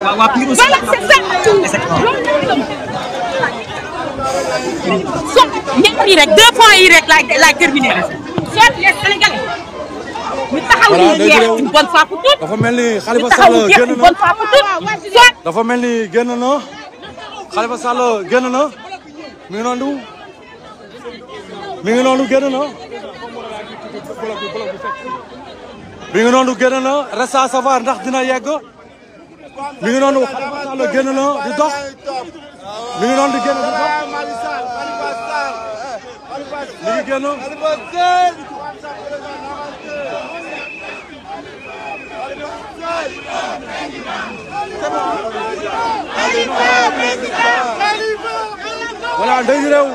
voilà c'est ça tout so ñett yi rek dafa mel ni Khalifa Sall na dafa mel ni génn na Khalifa Sall génn na mi ngi noonu mi reste à savoir ndax dina yegg mi ngi noonu Khalifa Sall génn na di dox mi ngi noonu di génn di dox mi ngi génn. voilà ndey réew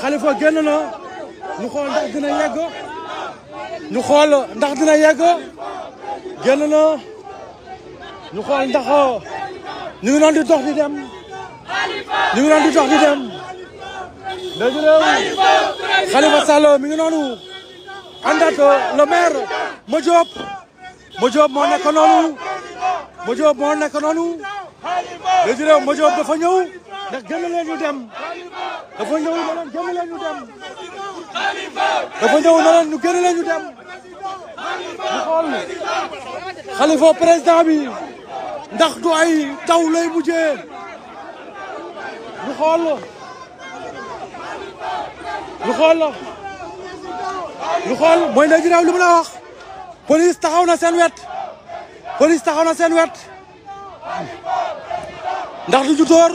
Khalifa génn na ñu xool ndax dina yegg ñu xool ndax dina yegg génn na. ñu xool ndax ñu ngi doon di dox di dem ñu ngi doon di dox di dem léegi réew Khalifa Sall mi ngi noonu ànd ak le maire Madiop Madiop noonu Madiop dafa ñëw ndax génn dafa ñëw na leen génn leen ñu dem dafa ñëw na leen ñu génn dem ñu xool président bi ndax du ay taw lay mujjee ñu xool ñu xool ñu xool mooy ndey ginnaaw li mu la wax police taxaw na seen wet police taxaw na seen wet ndax du ñu dóor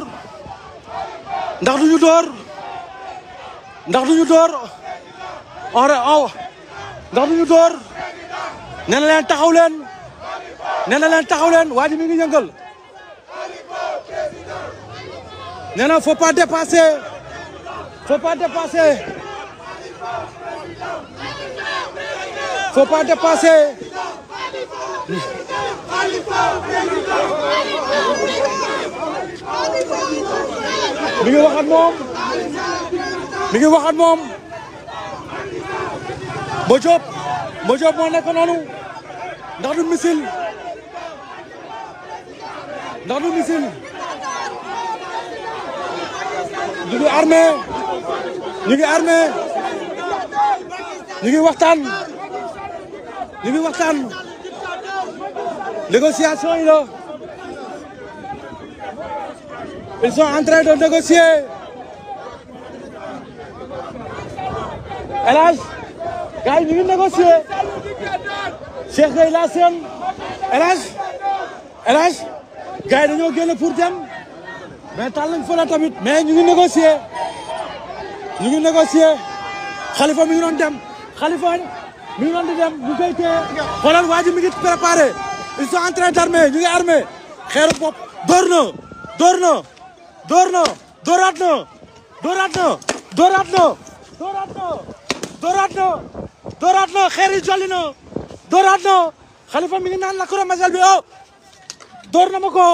ndax du ñu ndax du ñu dóor en ndax du ñu dóor na leen taxaw leen nee na leen taxaw leen waa ji mi ngi yëngal nee na faut pas dépasser faut pas dépasser faut ngi wax ak moom mi ngi wax moom Mbodiop Mbodiop moo nekk noonu ndax du missile ndax du missile du ñu armé ñu ngi armé ngi waxtaan ñu ngi waxtaan négociation yi la ils sont en de négocier El Hadj gars négocier Cheikh Gueye Lassène El Hadj gars yi dañoo génn pour dem mais tal nañ fële tamit mais ñu ngi négocier ñu ngi négocier mi ngi doon dem xalifa mi ngi doon di dem ñu koy téye xoolal waa ji mi ngi préparé ils sont en train d'armer ñu ngi armé xeeru bopp door na door na door na dooraat na dooraat na dooraat na dooraat na dooraat na dooraat na jolli na dooraat na xalifa mi ngi naan la kuréel bi oh! door na ma ko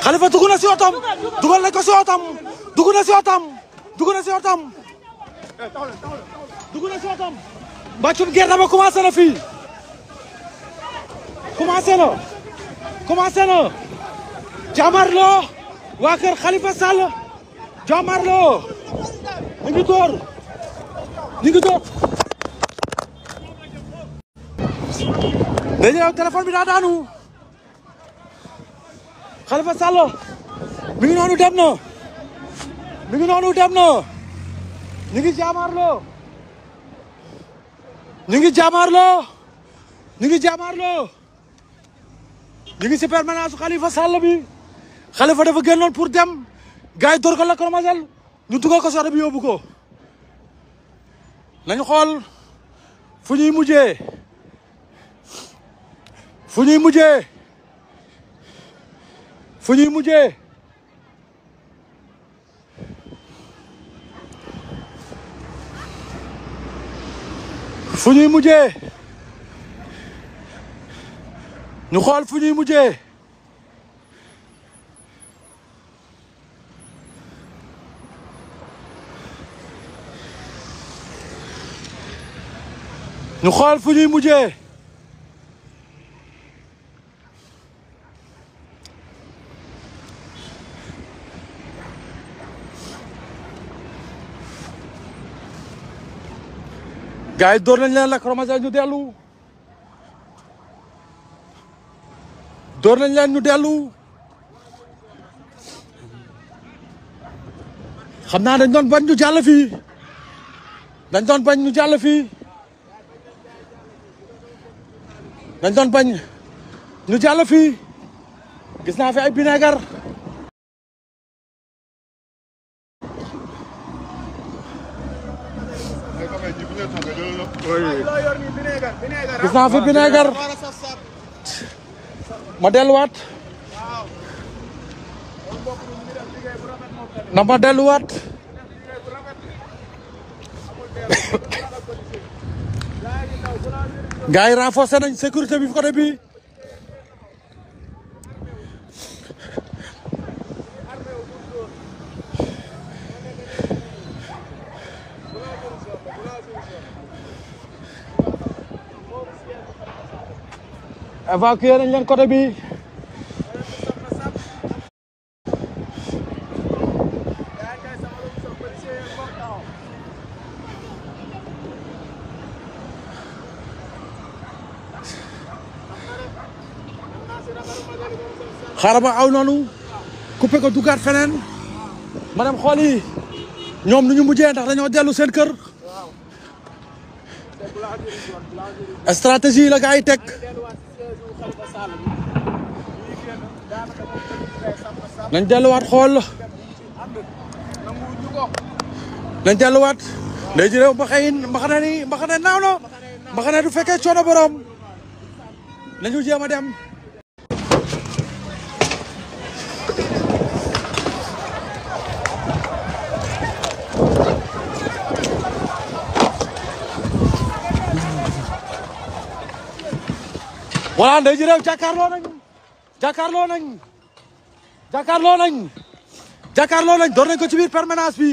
Xalifa dugg na si otam dugal nañ ko si otam dugg na ba commencé na fii commencé na commencé na waa kër Xalifa Sall jàmmarloo ñu ngi door ñu door dañuy daw téléphone bi daa daanu Khalifa Sall mi ngi noonu dem na mi ngi noonu dem na ñu ngi jaamaarloo ñu ngi jaamaarloo ñu ngi jaamaarloo ñu ngi si permanence Khalifa Sall bi Khalifa dafa génnoon pour dem gars yi door ko lacrymogène ñu dugal ko soto bi ko nañu xool fu ñuy mujjee fu ñuy mujjee fu ñuy mujjee fu ñuy mujjee ñu xool fu ñuy mujjee ñu xool fu ñuy mujjee gars yi door nañ leen lacrymogène ñu dellu door nañ leen ñu dellu xam naa dañ doon bañ ñu jàll fi dañ doon bañ ñu jàll fi dañ doon bañ ñu jàll fii gis naa fi ay binagar gis naa fi vinaigre ma delluwaat na ma delluwaat gars yi renforcé nañ sécurité bi fi ko bi évacuer nañ leen côté bi xaaral ma aw noonu coupé ko dugaat feneen ma dem xool yi ñoom nu ñu mujjee ndax dañoo dellu seen kër stratégie la gars teg nañ delluwaat xool nañ delluwaat ndey ji réew mbaxayin mbaxane ni mbaxane naaw na mbaxane du fekkee coono borom nañu jéem a dem wala day ji réew jàkkaarloo nañ jàkkaarloo nañ jàkkaarloo nañ jàkkaarloo nañ door nañ ko ci biir permanence bi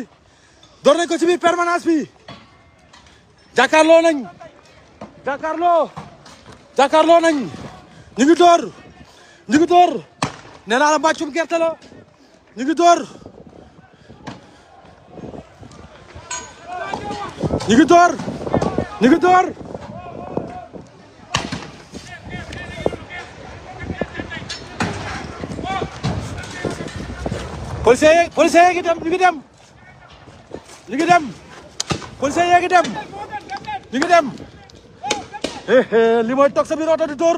door nañ ko ci biir permanence bi jàkkaarloo nañ jàkkaarloo jàkkaarloo nañ ñu ngi door ñu ngi door nee naa la mbàccum gerte la ñu ngi door ñu ngi door ñu ngi door policiers yeeg policiers yeeg dem ñu ngi dem ñu ngi dem policiers yeeg dem ñu ngi dem eh, eh, li mooy toog sa biir oto di dóor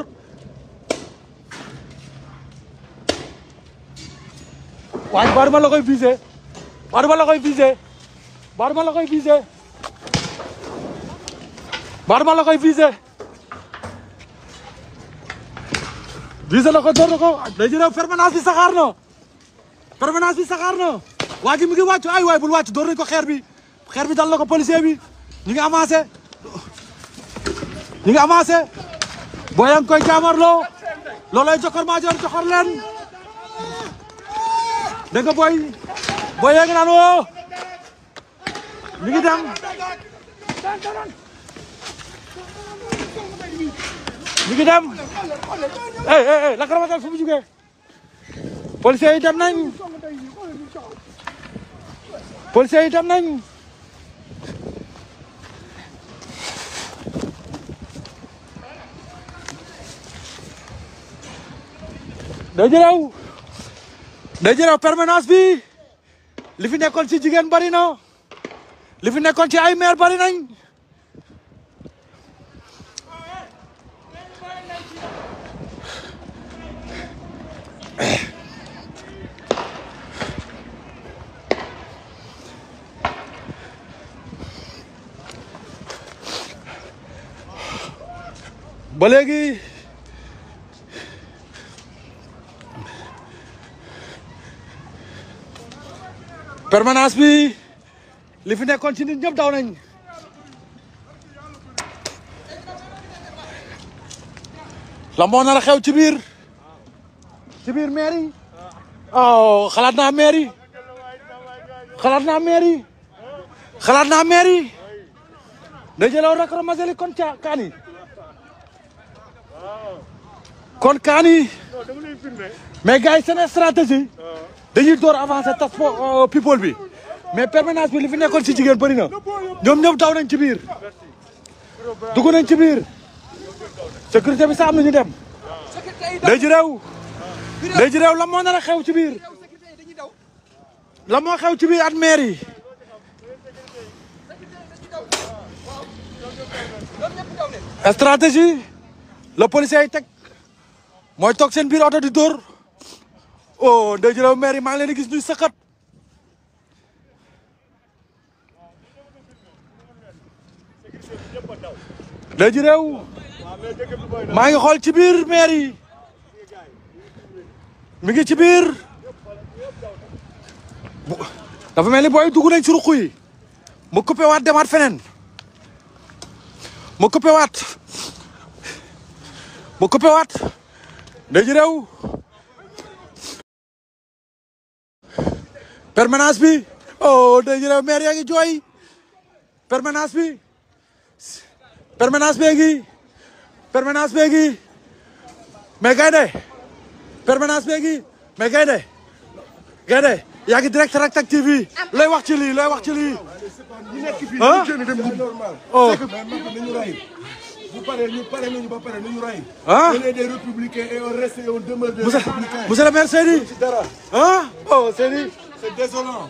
waaye baa duma la koy visé baa duma la koy visé baa duma la koy visé baa duma la koy visé visé na ko dóor na ko day jërew permanence bi saxaar na permanence bi saxaar na waa ji mu ngi wàcc ay waay bul wàcc door nañ ko xeer bi xeer bi dal na ko policier bi ñu ngi avancé ñu ngi avancé booy yaa jokkor maa joxor leen dégg nga booy booy yaa ngi naan woo oh. mi ngi dem mi ngi dem eh eh fu mu jugee policiers yi dem nañ policiers yi dem nañ day jëlaw day jëlaw bi li fi nekkoon ci jigéen bari na li fi nekkoon ci ay maire bari nañ ba léegi permanence bi li fi nekkoon ci nit ñëpp daw nañ la moo nar xew ci biir ci biir mairie oh xalaat naa mairie xalaat naa mairie xalaat naa mairie da jëlaw rek ramaseli kon ca kaani kon kaani mais gars yi seen stratégie dañuy door avancer tas euh, people bi mais permanence bi li fi nekkoon si jigéen bëri na ñoom ñëpp daw nañ ci biir dugg nañ ci biir sécurité bi saam am na ñu dem léegi réew léegi réew la a xew ci biir la moo xew ci biir at maire yi stratégie la policier yi teg mooy toog seen biir oto di dóor oh Ndeye Diallo maire yi maa ngi leen di gis ñuy sëqat Ndeye Diallo maa ngi xool ci biir maire yi mi ngi ci biir dafa mel ni booy dugg nañ ci ruq yi mu demaat feneen mu coupé waat mu coupé waat dajëréew permanence bi oh dajëréew maire yaa ngi jooy permanence bi permanence bee ngi permanence mais gaynde permanence bee ngi mais gaynde gaynde yaa ngi direct Rak Tak TV looy wax ci lii looy wax ci lii o oh bu paree ñu pare nañu ba pare nañu roy. ah on est des républicains et on reste et on demeure des dara ah oh Seydi. c'est désolant.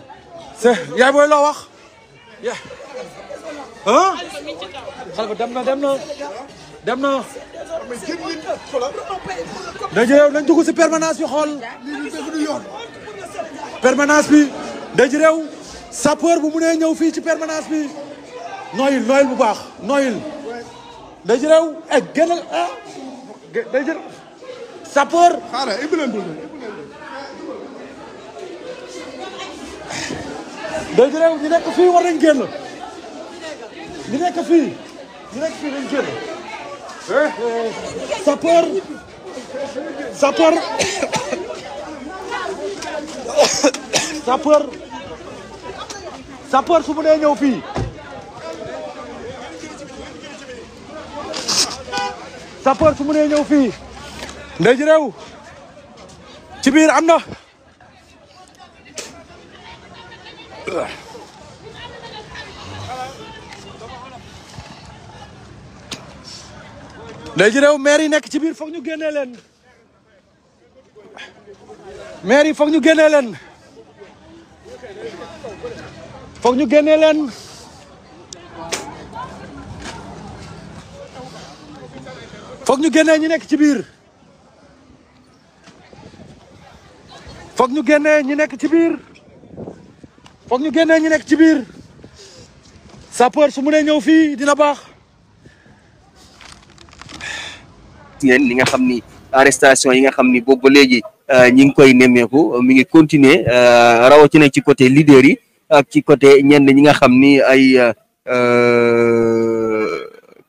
c'est yaay booy loo wax. dem na dem na dem na. dañu réew nañ dugg si permanence bi xool. permanence bi dañu réew sapeur bu munee ñëw fii ci permanance bi noyil noyil bu baax noyil. dajaraw ak gënal ah dajar sapeur. xaaral ibbi leen dul dajaraw ñu nekk fii war nañ génn ñu nekk fii ñu nekk fii nañ génn. Eh? sapeur sapeur sapeur sapeur su mu nee ñëw fii. sapeur su mënee ñëw fii ndey ji réew ci biir am na ndey réew maire yi nekk ci biir foog ñu génnee leen maire yi foog ñu génnee leen foog ñu génnee leen foog ñu génnee ñi nekk ci biir foog ñu génnee ñi nekk ci biir foog ñu génnee ñi ci biir sapeur su mënee ñëw fii dina baax. yéen li nga xam ni arrestation yi nga xam ni boobu ba léegi euh, ñi ngi koy nemmeeku mi ngi continuer euh, rawatina ci côté leader yi ak ci côté ñenn ñi nga xam ni ay euh,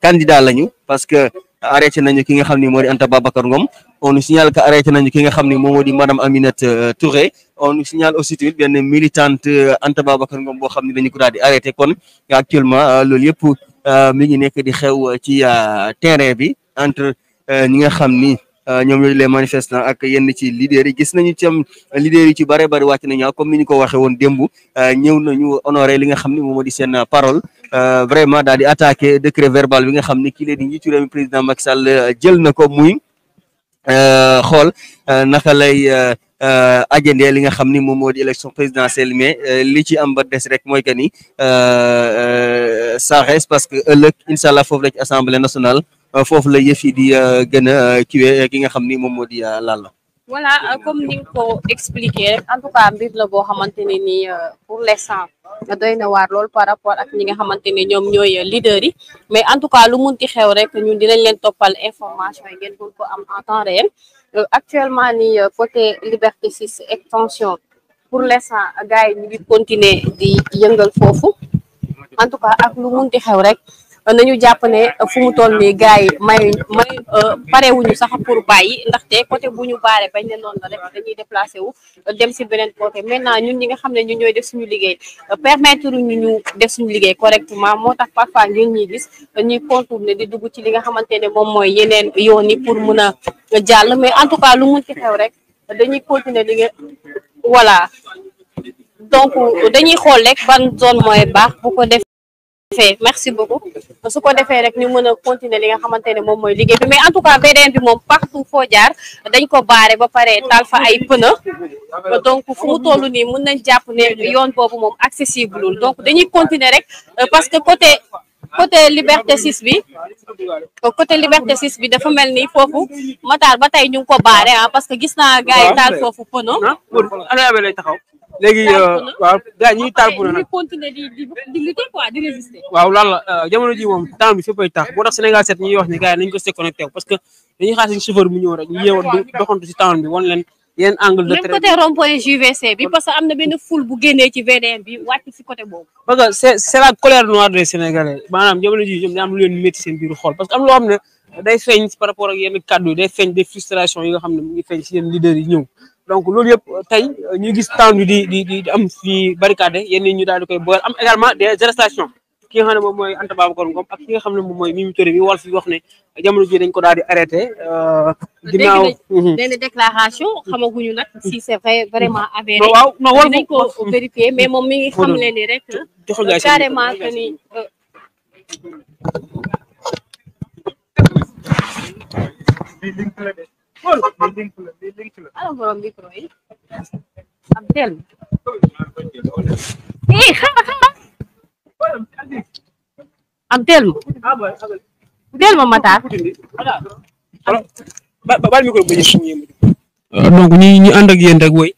candidat lañu parce que. arrêté nañu ki nga xam ni moo di Anta Babacar Ngom on nous signale que arrêté nañu ki nga xam ni moom moo di madame Aminata euh, Touré on nous signale aussi tamit benn militante euh, Anta Babacar Ngom boo xam ne dañu daal di arrêté kon actuellement euh, loolu yëpp mi ngi nekk di xew ci terrain bi entre ñi nga xam ni. Euh, ñoom ñooy les manifestants ak yenn ci leaders yi gis nañu ci am leaders yi ci bare bari wàcc nañu ah, comme ni ñu ko waxee woon démb euh, ñëw nañu honoré li nga xam ni moom moo di seen parole euh, vraiment daal di attaqué décret verbal bi nga xam ni kii lee di njiitu réew mi président Macky jël na ko muy xool naka lay ajandee li nga xam ni moom moo di élection présidentielle mais li ci am des rek mooy que ni ça reste parce que ëllëg incha allah foofu la ci assemblée foofu la yëf yi di euh, gën a euh, kiwee ki nga xam ni moom moo di laal euh, la voilà comme ni nga ko expliqué rek en tout cas mbir la boo xamante ne nii pour l'instant doy na waar lool par rapport ak ñi nga xamante ne ñoom ñooy leader yi mais en tout cas lu munti xew rek ñun dinañ leen toppal information yi ngeen pour ko am en temps réel actuellement ni côté liberté 6 extension pour l'instant gars yi ñu ngi continuer di yëngal foofu en tout cas ak lu munti xew rek nañu jàpp ne fu mu toll nii gars yi may may euh, parewuñu sax pour bàyyi ndaxte côté bu ñu baaree bañ ne noonu la rek dañuy déplacé wu dem si beneen côté maintenant ñun ñi nga xam ne ñu ñooy def suñu liggéey euh, permettre ñu ñu def suñu liggéey correctement moo tax parfois ñuy gis ñuy contourner di dugg ci li nga xamante ne moom mooy yeneen yoon yi pour mun a jàll mais en tout cas lu mun ci xew rek dañuy continuer li nga voilà donc dañuy xool rek ban zone mooy baax bu ko def defee merci beaucoup su ko defee rek ñu mën a li nga xamante moom mooy liggéey bi mais en tout cas VDN bi moom partout foo jaar dañ ko baare ba pare taal fa ay pneu donc fu mu nii mën nañ jàpp ne yoon boobu moom accessible donc dañuy continuer rek euh, parce que côté côté Liberté 6 bi o côté Liberté 6 bi dafa mel ni foofu Matar ba tey ñu ngi ko baare ah parce que gis naa gars yi taal foofu pono. Ah, ana lay taxaw léegi euh, waaw gars ñi taal pono nag continuer waaw loolu la euh, ji moom temps bi fépp ay tax boo tax Sénégal 7 ñuy wax ni gars yi nañu ko déconnecté parce que dañuy xaar si chauffeur bu ñëw rek ñu yeewoon doxantu si temps bi wan leen. yéen angle de traite même côté rond point bi parce am na benn foule bu génnee ci VDM bi wàcc si côté boobu. parce que la colère noire des sénégalais maanaam jamono jii ñoom am lu leen métti seen biiru xol parce am loo ne day feeñ par rapport yenn kàddu day feeñ des frustrations yi nga xam ne mu ngi feeñ si yenn leaders yi donc loolu yëpp tey ñu gis temps di am fi barricade yenn ñu daal di koy boole am également des arrestations. ki nga xam ne moom mooy Anta Babacar Ngom ak ki nga xam ne moom fi wax ne jamono ji dañ ko daal di arrêté. Euh, ginnaaw mhm. benn déclaration nag si c' est vrai vraiment avéré. waaw non Walf mais moom mi ngi xam leen ni rek. carrément que ni. Abdel. eh xaaral xaaral. ak del ma del ma mataar ah, donc ñi ñu ànd ak yéen rek woy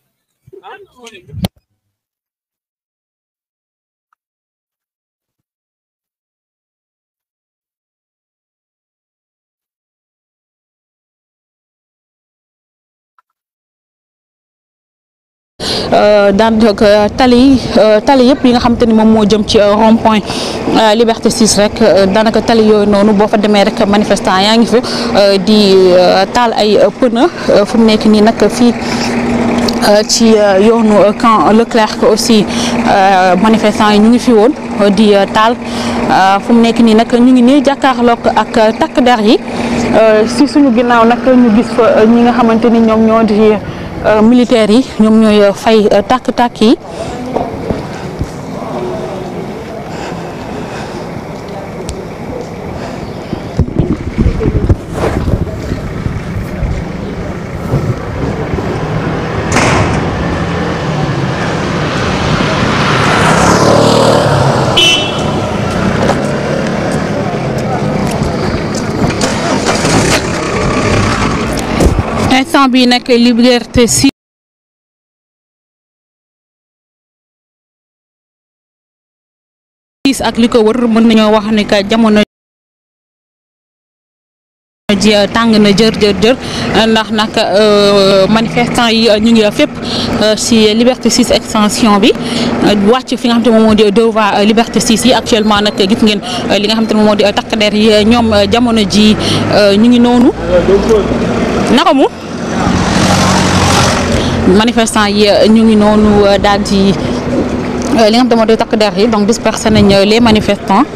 Euh, daanaka euh, tali euh, tali yëpp yi nga xamante ni moom moo jëm ci rond point Liberté 6 rek daanaka tali yooyu noonu boo fa demee rek manifestant yaa ngi fi di taal ay pneu fu mu nekk nii nag fii. ci yoonu camp Leclerc aussi manifestant yi ñu ngi fi woon di taal fu mu nekk nii nag ñu ngi nii jàkkaarloog ak takk der yi si suñu ginnaaw nag ñu gis fa ñi nga xamante ni ñoom ñoo di. Euh, militaires yi ñoom ñooy euh, fay euh, tàkk-tàkk yi instant bi nag liberté si ak li ko wër mën nañoo wax ni que jamono ji euh, tàng na jër jër jër ndax nag euh, manifestant yi euh, ñu ngi fépp si liberté 6 extension bi wàcc fi nga xam te moom moo di devant liberté 6 yi actuellement nag gis ngeen li nga xam te moom moo di takk der yi ñoom jamono ji ñu ngi noonu naka manifestant yi euh, ñu ngi noonu euh, daal di euh, li nga xam te moo di takk der yi donc dispersé nañ les manifestants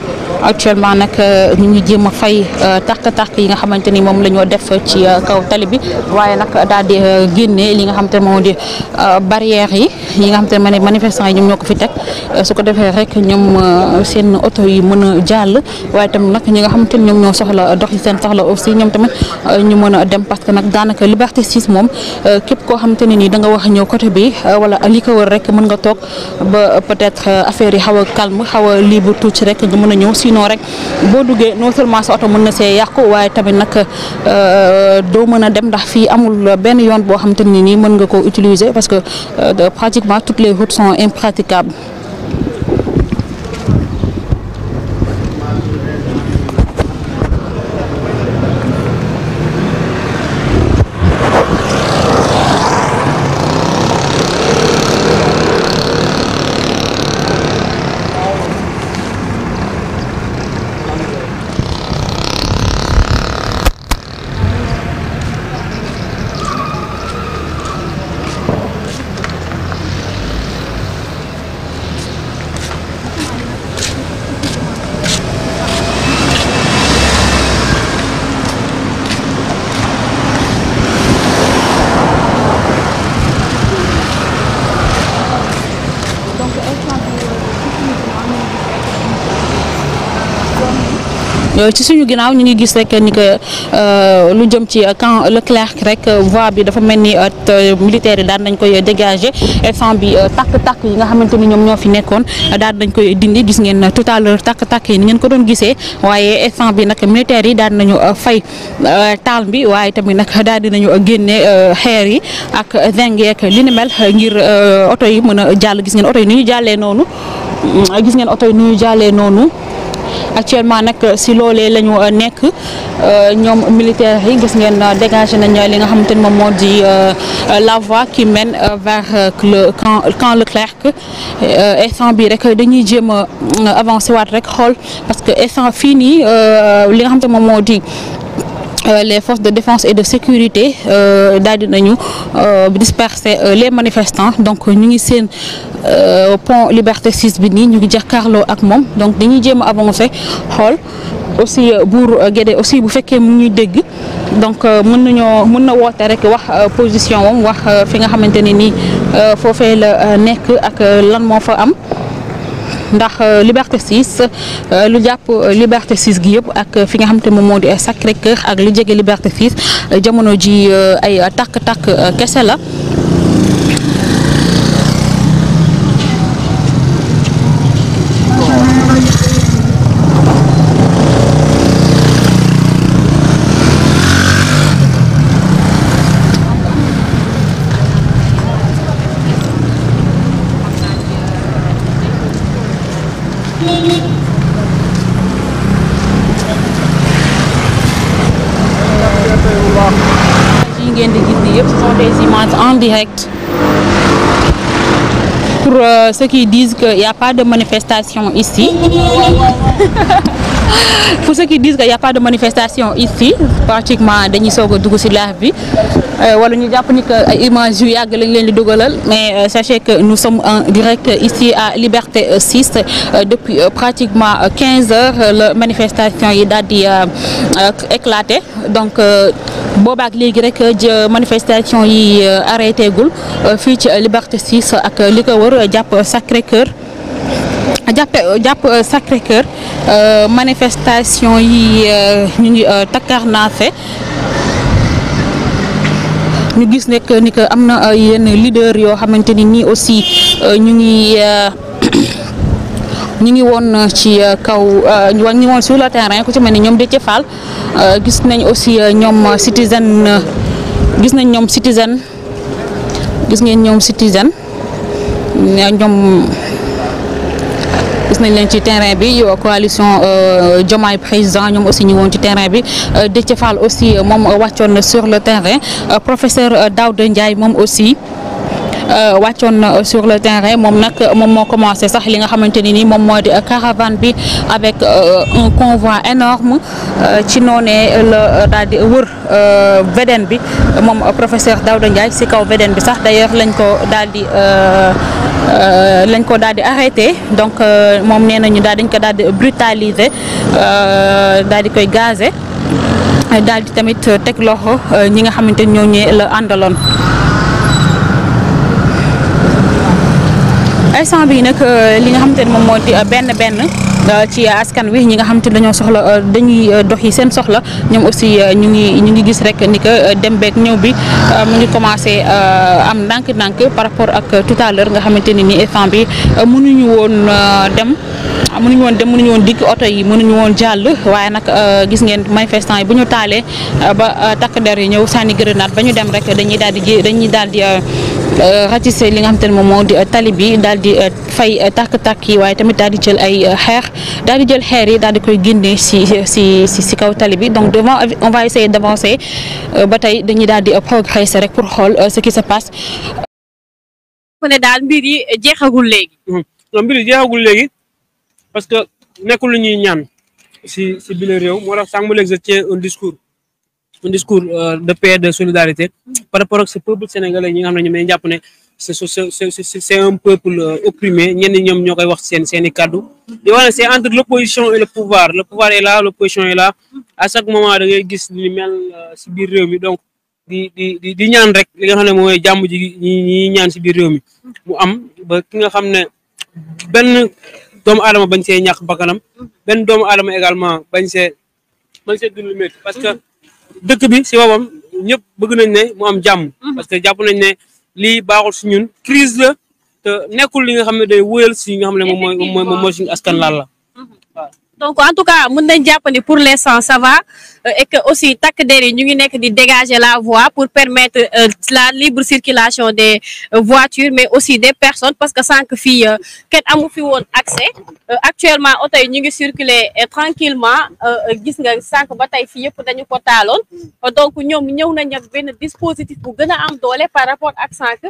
actuellement nag euh, ñu ngi jéem a fay euh, tàq-tàq yi nga xamante ni moom la ñoo def ci euh, kaw tali bi waaye nag daal di génne li nga xam te moo di barrière yi yi nga xam te ne manifestant yi ñoom ñoo ko fi teg su ko defee rek ñoom seen oto yi mën a jàll waaye tamit nag ñi nga xamante ni ñoom ñoo soxla dox yi seen soxla aussi ñoom tamit ñu mën a dem parce que nag daanaka liberté 6 moom képp koo xam ne ni nii danga wax ñëw coté bi wala li ko wër rek mën nga toog ba peut-être affaire yi xaw a calme xaw a libre tuuti rek nga mën a ñëw sinon rek boo duggee non seulement sa oto mën na see yàqu waaye tamit nag euh, doo mën a dem ndax fii amul benn yoon boo xam te ni nii mën nga koo utiliser parce que euh, pratiquement toutes les routes sont impraticables Euh, ci suñu ginnaaw ñu ngi gis rek ni que euh, lu jëm ci camp Leclerc rek voie bi dafa mel ni euh, militaire yi daan nañ koy dégager instant bi tàkk-tàkk yi nga xamante ni ñoom ñoo fi nekkoon daan nañ koy dindi gis ngeen tout à l'heure tàkk-tàkk yi ni ngeen ko doon gisee waaye instant bi nag militaire yi daan nañu fay taal bi waaye tamit nag daal dinañu génne xeer yi ak zinc yeeg li ni mel ngir oto yi mën a jàll gis ngeen oto yi ni ñu jàllee noonu mm, gis ngeen oto yi ni ñu jàllee noonu actuellement nag euh, si loole la ñu euh, nekk euh, ñoom militaires yi gis ngeen dégagé nañ li nga xamante ni moom moo di la voie qui mène vers le camp camp Leclerc instant bi rek dañuy jéem a avancé waat rek xool parce que instant fii nii li nga xamante moom moo di Euh, les forces de défense et de sécurité euh, daal di nañu euh, disperser les manifestants donc ñu ngi seen pont Liberté 6 bi nii ñu ngi jàkkaarloo ak moom donc dañuy jéem a avancer xool aussi buur Gédé aussi bu fekkee mu ñuy dégg donc mën nañoo mën na woote rek wax position wam wax fi nga xamante ne nii foofee la nekk ak lan moo fa am. ndax euh, Liberté 6 euh, lu jàpp euh, Liberté 6 gi yëpp ak fi nga xam te moom moo di Sacré-Cœur ak lu jege Liberté 6 jamono ji ay takk-takk kese la. ngeen di gis nii yëpp ce sont des images en direct pour euh, ceux qui disent que y a pas de manifestation ici pour ceux qui disent qu'il n'y pas de manifestation ici pratiquement dañuy soog a dugg si live bi euh, wala ñu jàpp ni que ay images yu yàgg lañ leen di dugalal mais euh, sachez que nous sommes en direct ici à Liberté 6 euh, depuis pratiquement quinze heures la manifestation yi daal di donc boobaak léegi rek manifestation yi arrêté gul fii ci Liberté 6 ak li ko war jàpp Sacré-Cœur jàppe jàpp euh, Sacré Cœur euh, manifestation yi euh, ñu ngi takkaar naa fe ñu gis nekk ni que am na yenn leader yoo xamante ni nii aussi ñu ngi ñu ngi woon ci kaw ñu ngi woon sur le terrain ku ci mel ni ñoom de Fall gis nañ aussi ñoom citizen gis nañ ñoom citizen gis ngeen ñoom citizen ñoom. gis nañ leen ci terrain bi euh, coalition euh, Diomaye président ñoom aussi ñu woon ci terrain bi euh, Déthié Fall aussi moom waccoon na sur le terrain professeur Daouda Ndiaye moom aussi waccoon na sur le terrain moom nag moom moo commencé sax li nga xamante ni nii moom moo di caravane bi avec un convoi énorme ci noonee la daal di wër VDN bi moom professeur Daouda Ndiaye si kaw VDN bi sax d'ailleurs lañ ko daal Euh, lañ ko daal di arrêté donc euh, moom nee nañu daal dañ ko daal di brutaliser euh, daal di koy gazé daal di tamit teg loxo ñi nga xamante ñoo ñee la àndaloon. instant bi nag euh, li nga xamante ne moom moo di euh, benn benn euh, ci askan wi ñi nga xamante ne dañoo soxla dañuy dox yi seen soxla ñoom aussi ñu ngi ñu ngi gis rek ni que dem beeg ñëw bi mu ngi commencé am ndànk-ndànk par rapport ak tout à l'heure nga xamante ne nii instant bi ñu woon dem mënuñu woon dem mënuñu woon dikk oto yi mënuñu woon jàll waaye nag gis ngeen manifestant yi bu ñu taalee ba takk der yi ñëw sànni grenade ba ñu dem rek dañuy daal di dañuy daal di Euh, ratissé li nga xam te ne moom moo di euh, tali bi daal di euh, fay tàkk-tàkk yi waaye tamit daal di jël ay xeex dal di jël xeer yi daal di koy génne si si si kaw tali bi donc devant on va ba tey dañuy daal di progresser rek pour xool ce qui se passe. ko daal mbir yi jeexagul léegi. Mhm. non mbir parce que nekkul lu ñuy ñaan si si biir réew moo un discours euh, de paix de solidarité par rapport ak ce peuple sénégalais ñi nga xam ne ñoom dañu jàpp ne c'est c'est un peuple euh, opprimé ñenn ñoom ñoo koy wax seen seen i kaddu di wax ne c'est entre l'opposition et le pouvoir le pouvoir est là l'opposition est là à chaque moment da ngay gis li euh, si biir réew mi donc di di di ñaan rek li nga xam ne mooy jàmm ji ñi ñaan si biir réew mi mu am ba ki nga xam ne benn doomu aadama bañ see ñàkk bakkanam benn doomu aadama également bañ see bañ dëkk bi si boppam ñëpp bëgg nañ ne mu am jàmm. Mhm. parce que jàpp nañ ne lii baaxul si ñun crise la te nekkul li nga xam ne day wóyal si nga xam ne moom mooy moom mooy suñu askan laal la waaw. Mhm. donc en tout cas mën nañ jàpp pour l'instant ça Euh, et que aussi takk der yi ñu ngi nekk di dégager la voie pour permettre euh, la libre circulation des euh, voitures mais aussi des personnes parce que sànq fii kenn amu fi woon accès actuellement oto ñu ngi circuler tranquillement gis nga sànq ba tey fii yëpp dañu ko taaloon donc ñoom ñëw na ak benn dispositif bu gën a am doole par rapport ak sànq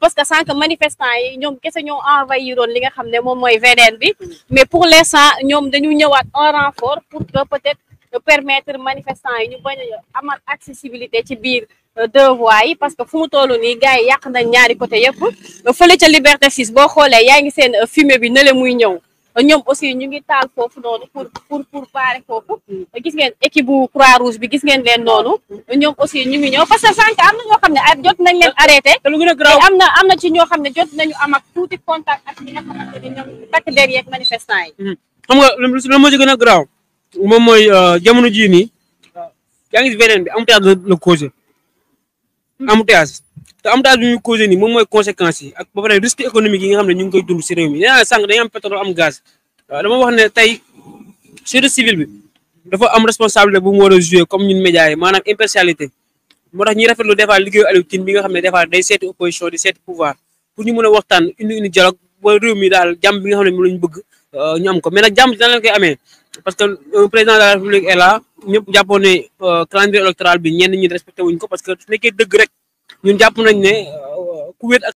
parce que sànq manifestant yi ñoom kese ñoo envahiroon li nga xam ne moom mooy VDN bi mais pour l'instant ñoom dañu ñëwaat en permettre manifestant yi ñu bañ a amal accessibilité ci biir euh, deux voies yi parce que fu mu toll nii gars yi yàq nañ ñaari côté yëpp fële ca Liberté 6 boo xoolee yaa ngi seen euh, fumier bi nële muy ñëw ñoom aussi ñu ngi taal foofu noonu pour pour pour parer foofu gis ngeen équipe bu croix rouge bi gis ngeen leen noonu ñoom aussi ñu ngi ñëw parce que sànq am na ñoo xam ne a jot nañ leen arrêté am na am na ci ñoo xam ne jot nañu am ak tuuti contact ak ñi nga xamante ni yi mm-hmm. xam nga lu gën a garaaw moom mooy euh, jamono jii nii yaa ngi si beneen bi embouteillage la causé embouteillage te embouteillage bi ñu causé nii moom mooy conséquences yi ak ba pare risque économique xam ne ñu ngi koy dund si réew mi nee naa sànq dañu am pétrole am gaz dama wax ne tey service bi dafa am responsabilité bu mu war a joué comme ñun médias yi maanaam impartialité moo tax ñuy rafetlu des bi nga xam ne des fois day seeti opposition di seeti pouvoir pour ñu mën a waxtaan indi indi dialogue ba réew mi daal jàmm bi nga xam ne moom la ñu bëgg euh, ñu ko mais nag jàmm dina leen koy amee parce que président de la république est là ñëpp jàppoon ne euh, calendrier électoral bi respecté wuñ ko parce que su nekkee dëgg rek ñun jàpp nañ ne euh,